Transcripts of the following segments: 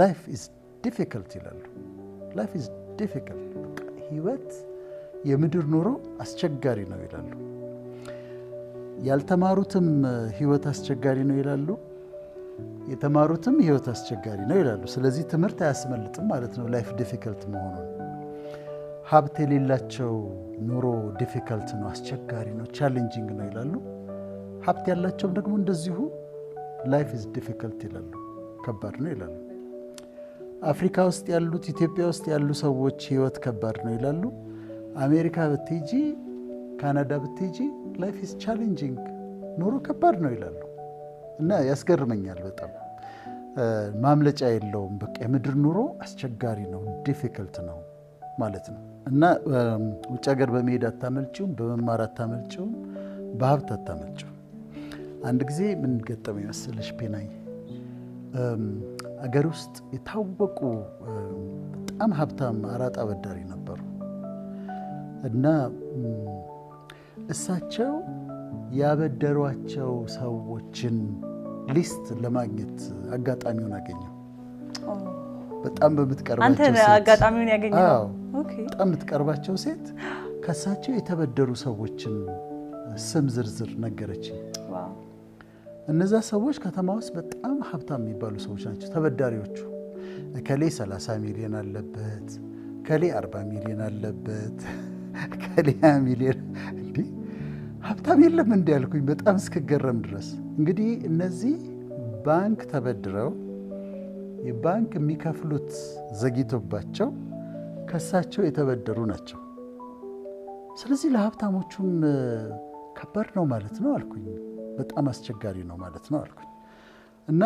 ላይፍ ኢዝ ዲፊክልት ይላሉ። ላይፍ ኢዝ ዲፊክልት ህይወት የምድር ኑሮ አስቸጋሪ ነው ይላሉ። ያልተማሩትም ህይወት አስቸጋሪ ነው ይላሉ። የተማሩትም ህይወት አስቸጋሪ ነው ይላሉ። ስለዚህ ትምህርት አያስመልጥም ማለት ነው ላይፍ ዲፊክልት መሆኑን። ሀብት የሌላቸው ኑሮ ዲፊከልት ነው፣ አስቸጋሪ ነው፣ ቻሌንጂንግ ነው ይላሉ። ሀብት ያላቸውም ደግሞ እንደዚሁ ላይፍ ኢዝ ዲፊከልት ይላሉ፣ ከባድ ነው ይላሉ። አፍሪካ ውስጥ ያሉት ኢትዮጵያ ውስጥ ያሉ ሰዎች ህይወት ከባድ ነው ይላሉ። አሜሪካ ብትጂ፣ ካናዳ ብትጂ ላይፍ ኢዝ ቻሌንጂንግ ኑሮ ከባድ ነው ይላሉ እና ያስገርመኛል በጣም ማምለጫ የለውም። በቃ የምድር ኑሮ አስቸጋሪ ነው፣ ዲፊክልት ነው ማለት ነው እና ውጭ ሀገር በመሄድ አታመልጭውም፣ በመማር አታመልጭውም፣ በሀብት አታመልጭውም። አንድ ጊዜ ምን ገጠመኝ ፔናይ አገር ውስጥ የታወቁ በጣም ሀብታም አራጣ አበዳሪ ነበሩ እና እሳቸው ያበደሯቸው ሰዎችን ሊስት ለማግኘት አጋጣሚውን አገኘው። በጣም በምትቀርባቸው ሴት ከእሳቸው የተበደሩ ሰዎችን ስም ዝርዝር ነገረችኝ። እነዛ ሰዎች ከተማ ውስጥ በጣም ሀብታም የሚባሉ ሰዎች ናቸው። ተበዳሪዎቹ እከሌ 30 ሚሊዮን አለበት፣ እከሌ 40 ሚሊዮን አለበት፣ እከሌ 20 ሚሊዮን እንዲህ ሀብታም የለም እንዲ ያልኩኝ በጣም እስክገረም ድረስ እንግዲህ እነዚህ ባንክ ተበድረው የባንክ የሚከፍሉት ዘግይቶባቸው ከሳቸው የተበደሩ ናቸው። ስለዚህ ለሀብታሞቹም ከባድ ነው ማለት ነው አልኩኝ። በጣም አስቸጋሪ ነው ማለት ነው አልኩኝ። እና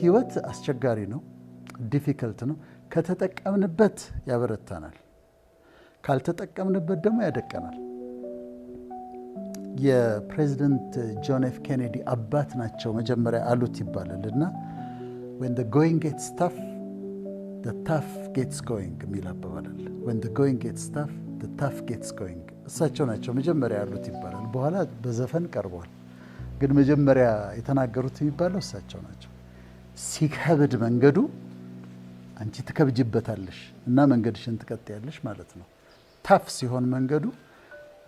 ህይወት አስቸጋሪ ነው፣ ዲፊከልት ነው። ከተጠቀምንበት ያበረታናል፣ ካልተጠቀምንበት ደግሞ ያደቀናል። የፕሬዚደንት ጆን ኤፍ ኬኔዲ አባት ናቸው መጀመሪያ አሉት ይባላል እና ወን ዘ ጎይንግ ጌትስ ታፍ ታፍ ጌትስ ጎይንግ የሚል አባባላል። ወን ጎይንግ ጌትስ ታፍ ታፍ ጌትስ ጎይንግ እሳቸው ናቸው መጀመሪያ ያሉት ይባላል። በኋላ በዘፈን ቀርቧል። ግን መጀመሪያ የተናገሩት የሚባለው እሳቸው ናቸው። ሲከብድ መንገዱ አንቺ ትከብጅበታለሽ እና መንገድሽን ትቀጥያለሽ ማለት ነው። ታፍ ሲሆን መንገዱ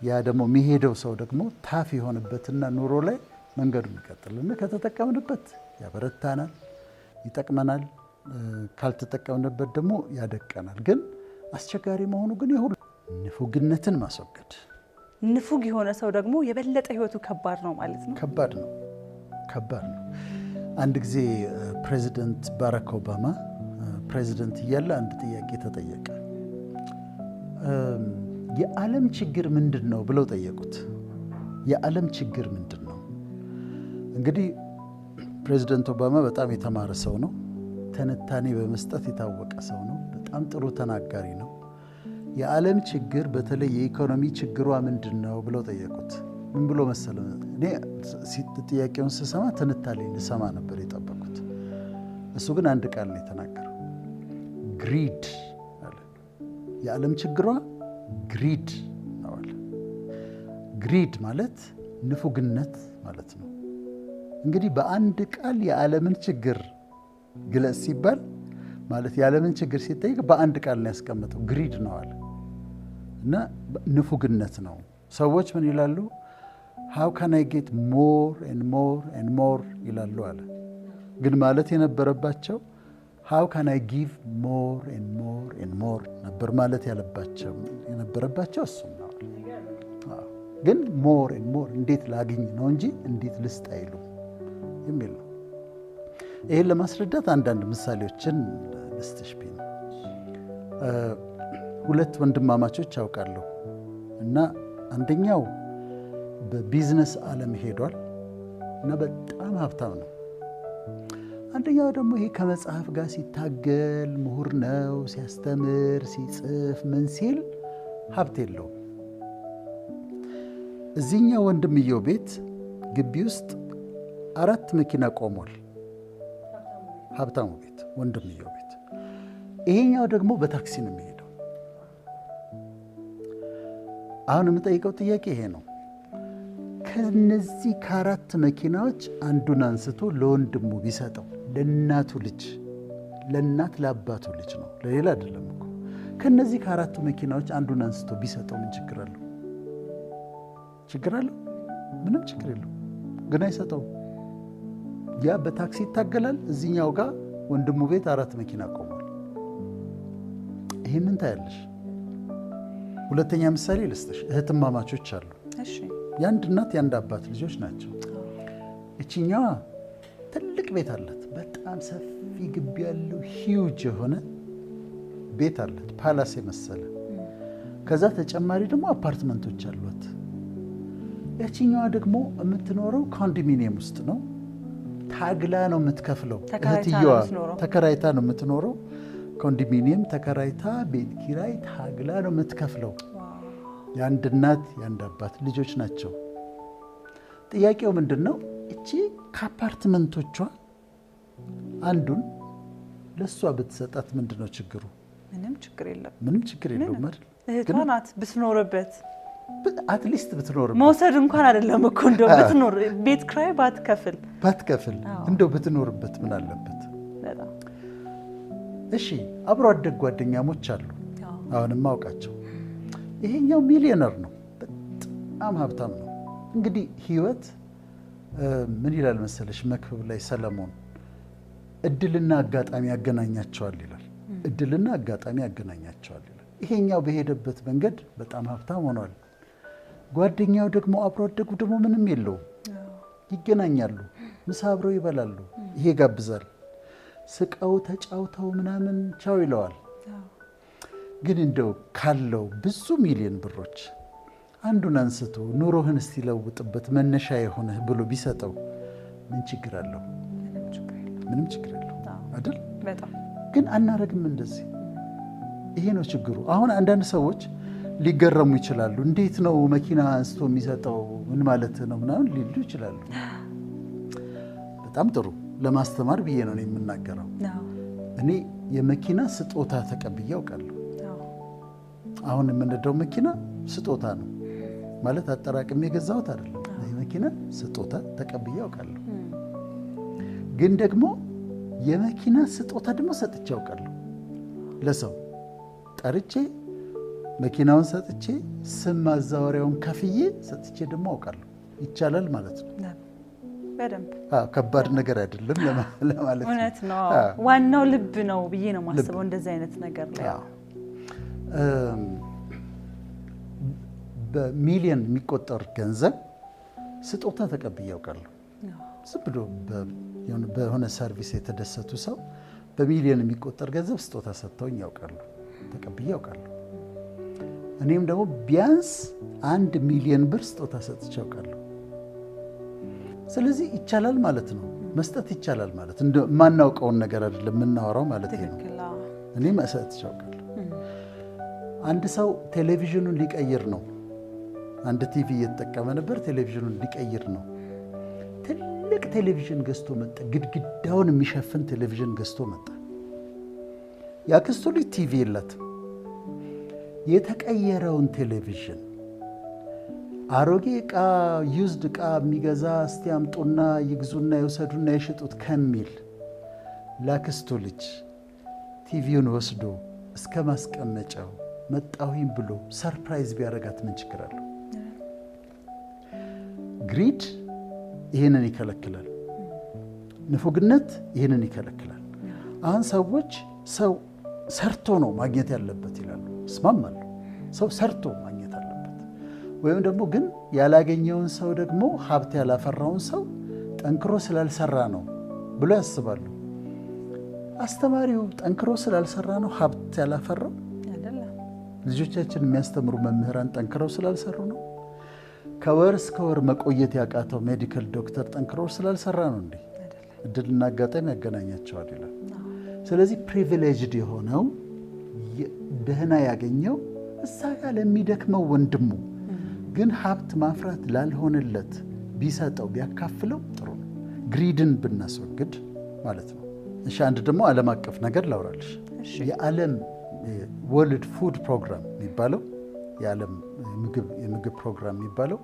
ያ ደግሞ የሚሄደው ሰው ደግሞ ታፍ የሆነበትና ኑሮ ላይ መንገዱን ይቀጥልና ከተጠቀምንበት ያበረታናል፣ ይጠቅመናል። ካልተጠቀምንበት ደግሞ ያደቀናል። ግን አስቸጋሪ መሆኑ ግን የሁሉ ንፉግነትን ማስወገድ ንፉግ የሆነ ሰው ደግሞ የበለጠ ህይወቱ ከባድ ነው ማለት ነው። ከባድ ነው፣ ከባድ ነው። አንድ ጊዜ ፕሬዚደንት ባራክ ኦባማ ፕሬዚደንት እያለ አንድ ጥያቄ ተጠየቀ። የዓለም ችግር ምንድን ነው ብለው ጠየቁት። የዓለም ችግር ምንድን ነው? እንግዲህ ፕሬዚደንት ኦባማ በጣም የተማረ ሰው ነው። ትንታኔ በመስጠት የታወቀ ሰው ነው። በጣም ጥሩ ተናጋሪ ነው። የዓለም ችግር በተለይ የኢኮኖሚ ችግሯ ምንድን ነው ብለው ጠየቁት። ምን ብሎ መሰለ? እኔ ጥያቄውን ስሰማ ትንታሌ ልሰማ ነበር የጠበኩት። እሱ ግን አንድ ቃል ነው የተናገረው፣ ግሪድ አለ። የዓለም ችግሯ ግሪድ ነው አለ። ግሪድ ማለት ንፉግነት ማለት ነው። እንግዲህ በአንድ ቃል የዓለምን ችግር ግለጽ ሲባል ማለት የዓለምን ችግር ሲጠይቅ በአንድ ቃል ነው ያስቀመጠው፣ ግሪድ ነው አለ። እና ንፉግነት ነው። ሰዎች ምን ይላሉ? ሃው ካን አይ ጌት ሞር ኤን ሞር ኤንድ ሞር ይላሉ አለ። ግን ማለት የነበረባቸው ሃው ካን አይ ጊቭ ሞር ኤንድ ሞር ኤንድ ሞር ነበር ማለት ያለባቸው የነበረባቸው እሱም ነው። ግን ሞር ኤንድ ሞር እንዴት ላግኝ ነው እንጂ እንዴት ልስጥ አይሉ የሚል ነው። ይህን ለማስረዳት አንዳንድ ምሳሌዎችን ልስጥሽ ሁለት ወንድማማቾች ያውቃለሁ እና አንደኛው በቢዝነስ ዓለም ሄዷል እና በጣም ሀብታም ነው። አንደኛው ደግሞ ይሄ ከመጽሐፍ ጋር ሲታገል ምሁር ነው። ሲያስተምር፣ ሲጽፍ ምን ሲል ሀብት የለውም። እዚህኛው ወንድምየው ቤት ግቢ ውስጥ አራት መኪና ቆሟል። ሀብታሙ ቤት፣ ወንድምየው ቤት። ይሄኛው ደግሞ በታክሲ ነው የሚሄድ አሁን የምጠይቀው ጥያቄ ይሄ ነው። ከነዚህ ከአራት መኪናዎች አንዱን አንስቶ ለወንድሙ ቢሰጠው ለእናቱ ልጅ ለእናት ለአባቱ ልጅ ነው፣ ለሌላ አይደለም እኮ። ከነዚህ ከአራቱ መኪናዎች አንዱን አንስቶ ቢሰጠው ምን ችግር አለው? ችግር አለው? ምንም ችግር የለው። ግን አይሰጠውም። ያ በታክሲ ይታገላል። እዚኛው ጋር ወንድሙ ቤት አራት መኪና ቆሟል። ይሄ ምን ታያለሽ? ሁለተኛ ምሳሌ ልስጥሽ። እህትማማቾች አሉ። የአንድ እናት የአንድ አባት ልጆች ናቸው። እችኛዋ ትልቅ ቤት አላት። በጣም ሰፊ ግቢ ያለው ሂውጅ የሆነ ቤት አላት፣ ፓላስ የመሰለ ከዛ ተጨማሪ ደግሞ አፓርትመንቶች አሏት። ያችኛዋ ደግሞ የምትኖረው ኮንዶሚኒየም ውስጥ ነው። ታግላ ነው የምትከፍለው። እህትየዋ ተከራይታ ነው የምትኖረው። ኮንዶሚኒየም ተከራይታ ቤት ኪራይ ታግላ ነው የምትከፍለው። የአንድ እናት የአንድ አባት ልጆች ናቸው። ጥያቄው ምንድን ነው? እቺ ከአፓርትመንቶቿ አንዱን ለእሷ ብትሰጣት ምንድን ነው ችግሩ? ምንም ችግር የለም። ምንም ችግር የለውም አይደል? እህቷ ናት ብትኖርበት አትሊስት ብትኖር መውሰድ እንኳን አይደለም እኮ እንደው ብትኖር ቤት ክራይ ባትከፍል ባትከፍል እንደው ብትኖርበት ምን አለበት? እሺ አብሮ አደግ ጓደኛሞች አሉ፣ አሁንም አውቃቸው። ይሄኛው ሚሊዮነር ነው፣ በጣም ሀብታም ነው። እንግዲህ ህይወት ምን ይላል መሰለሽ መክብብ ላይ ሰለሞን እድልና አጋጣሚ ያገናኛቸዋል ይላል። እድልና አጋጣሚ ያገናኛቸዋል ይላል። ይሄኛው በሄደበት መንገድ በጣም ሀብታም ሆኗል። ጓደኛው ደግሞ አብሮ አደጉ ደግሞ ምንም የለውም። ይገናኛሉ፣ ምሳ አብረው ይበላሉ። ይሄ ጋብዛል ስቀው ተጫውተው ምናምን ቻው ይለዋል። ግን እንደው ካለው ብዙ ሚሊዮን ብሮች አንዱን አንስቶ ኑሮህን እስኪለውጥበት መነሻ የሆነህ ብሎ ቢሰጠው ምን ችግር አለው? ምንም ችግር አለው አይደል? ግን አናረግም እንደዚህ። ይሄ ነው ችግሩ። አሁን አንዳንድ ሰዎች ሊገረሙ ይችላሉ። እንዴት ነው መኪና አንስቶ የሚሰጠው ምን ማለት ነው ምናምን ሊሉ ይችላሉ። በጣም ጥሩ ለማስተማር ብዬ ነው የምናገረው። እኔ የመኪና ስጦታ ተቀብዬ አውቃለሁ። አሁን የምንደው መኪና ስጦታ ነው ማለት አጠራቅም የገዛሁት አይደለም። የመኪና ስጦታ ተቀብዬ አውቃለሁ። ግን ደግሞ የመኪና ስጦታ ደግሞ ሰጥቼ አውቃለሁ ለሰው ጠርቼ መኪናውን ሰጥቼ ስም ማዛወሪያውን ከፍዬ ሰጥቼ ደግሞ አውቃለሁ። ይቻላል ማለት ነው። በደንብ ከባድ ነገር አይደለም ለማለት ነው። እውነት ነው። ዋናው ልብ ነው ብዬ ነው የማስበው እንደዚህ አይነት ነገር ላይ በሚሊየን የሚቆጠር ገንዘብ ስጦታ ተቀብዬ አውቃለሁ። ዝም ብሎ በሆነ ሰርቪስ የተደሰቱ ሰው በሚሊየን የሚቆጠር ገንዘብ ስጦታ ሰጥተውኝ ያውቃለሁ፣ ተቀብዬ አውቃለሁ። እኔም ደግሞ ቢያንስ አንድ ሚሊዮን ብር ስጦታ ሰጥቼ አውቃለሁ። ስለዚህ ይቻላል ማለት ነው፣ መስጠት ይቻላል ማለት እንደ የማናውቀውን ነገር አይደለም የምናወራው ማለት ነው። እኔ መሰጥ ይቻላል። አንድ ሰው ቴሌቪዥኑን ሊቀይር ነው። አንድ ቲቪ እየተጠቀመ ነበር፣ ቴሌቪዥኑን ሊቀይር ነው። ትልቅ ቴሌቪዥን ገዝቶ መጣ። ግድግዳውን የሚሸፍን ቴሌቪዥን ገዝቶ መጣ። የአክስቱ ልጅ ቲቪ የላትም። የተቀየረውን ቴሌቪዥን አሮጌ እቃ ዩዝድ ቃ የሚገዛ እስቲ አምጡና ይግዙና የውሰዱና የሽጡት ከሚል ላክስቱ ልጅ ቲቪውን ወስዶ እስከ ማስቀመጫው መጣሁኝ ብሎ ሰርፕራይዝ ቢያደርጋት ምን ችግር አለው? ግሪድ ይህንን ይከለክላል። ንፉግነት ይህንን ይከለክላል። አሁን ሰዎች ሰው ሰርቶ ነው ማግኘት ያለበት ይላሉ። እስማማለሁ። ሰው ሰርቶ ወይም ደግሞ ግን ያላገኘውን ሰው ደግሞ ሀብት ያላፈራውን ሰው ጠንክሮ ስላልሰራ ነው ብሎ ያስባሉ። አስተማሪው ጠንክሮ ስላልሰራ ነው ሀብት ያላፈራው። ልጆቻችን የሚያስተምሩ መምህራን ጠንክረው ስላልሰሩ ነው። ከወር እስከ ወር መቆየት ያቃተው ሜዲካል ዶክተር ጠንክሮ ስላልሰራ ነው። እንዴ እድልና አጋጣሚ ያገናኛቸዋል ይላል። ስለዚህ ፕሪቪሌጅድ የሆነው ደህና ያገኘው እዛ ጋር ለሚደክመው ወንድሙ ግን ሀብት ማፍራት ላልሆነለት ቢሰጠው ቢያካፍለው ጥሩ ነው። ግሪድን ብናስወግድ ማለት ነው። እሺ፣ አንድ ደግሞ ዓለም አቀፍ ነገር ላውራልሽ። የዓለም ወርልድ ፉድ ፕሮግራም የሚባለው የዓለም የምግብ ፕሮግራም የሚባለው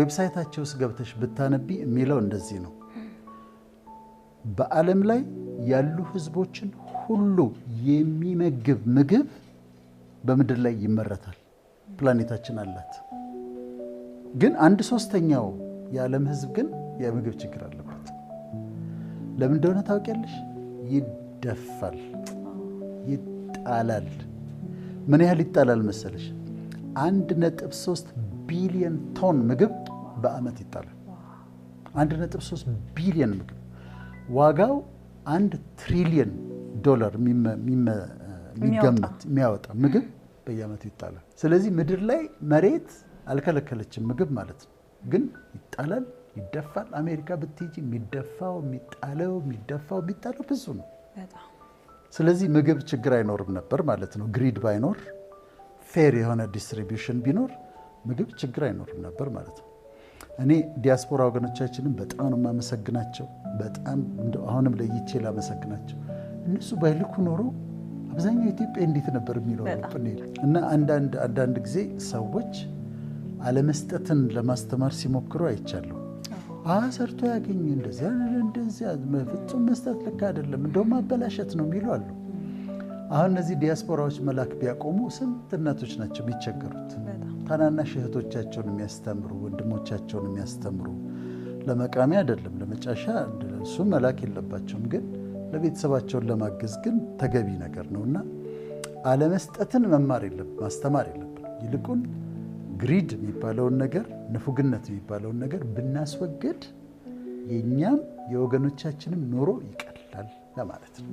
ዌብሳይታቸው ውስጥ ገብተሽ ብታነቢ የሚለው እንደዚህ ነው። በዓለም ላይ ያሉ ህዝቦችን ሁሉ የሚመግብ ምግብ በምድር ላይ ይመረታል። ፕላኔታችን አላት። ግን አንድ ሶስተኛው የዓለም ህዝብ ግን የምግብ ችግር አለበት። ለምን እንደሆነ ታውቂያለሽ? ይደፋል፣ ይጣላል። ምን ያህል ይጣላል መሰለሽ? አንድ ነጥብ ሶስት ቢሊዮን ቶን ምግብ በአመት ይጣላል። አንድ ነጥብ ሶስት ቢሊዮን ምግብ ዋጋው አንድ ትሪሊየን ዶላር የሚገመት የሚያወጣ ምግብ በየአመቱ ይጣላል። ስለዚህ ምድር ላይ መሬት አልከለከለችም፣ ምግብ ማለት ነው። ግን ይጣላል፣ ይደፋል። አሜሪካ ብትሄጂ የሚደፋው የሚጣለው የሚደፋው የሚጣለው ብዙ ነው። ስለዚህ ምግብ ችግር አይኖርም ነበር ማለት ነው። ግሪድ ባይኖር፣ ፌር የሆነ ዲስትሪቢዩሽን ቢኖር ምግብ ችግር አይኖርም ነበር ማለት ነው። እኔ ዲያስፖራ ወገኖቻችንን በጣም ነው የማመሰግናቸው። በጣም አሁንም ለይቼ ላመሰግናቸው። እነሱ ባይልኩ ኖሮ አብዛኛው ኢትዮጵያ እንዴት ነበር የሚለው እና አንዳንድ ጊዜ ሰዎች አለመስጠትን ለማስተማር ሲሞክሩ አይቻለሁ። አሰርቶ ያገኙ እንደዚያ እንደዚያ ፍጹም መስጠት ልክ አይደለም፣ እንደውም አበላሸት ነው የሚሉ አሉ። አሁን እነዚህ ዲያስፖራዎች መላክ ቢያቆሙ ስንት እናቶች ናቸው የሚቸገሩት? ታናናሽ እህቶቻቸውን የሚያስተምሩ ወንድሞቻቸውን የሚያስተምሩ ለመቃሚ አይደለም ለመጫሻ እሱ መላክ የለባቸውም፣ ግን ለቤተሰባቸውን ለማገዝ ግን ተገቢ ነገር ነው እና አለመስጠትን መማር የለብን ማስተማር የለብን ይልቁን ግሪድ የሚባለውን ነገር ንፉግነት የሚባለውን ነገር ብናስወግድ የእኛም የወገኖቻችንም ኑሮ ይቀላል ለማለት ነው።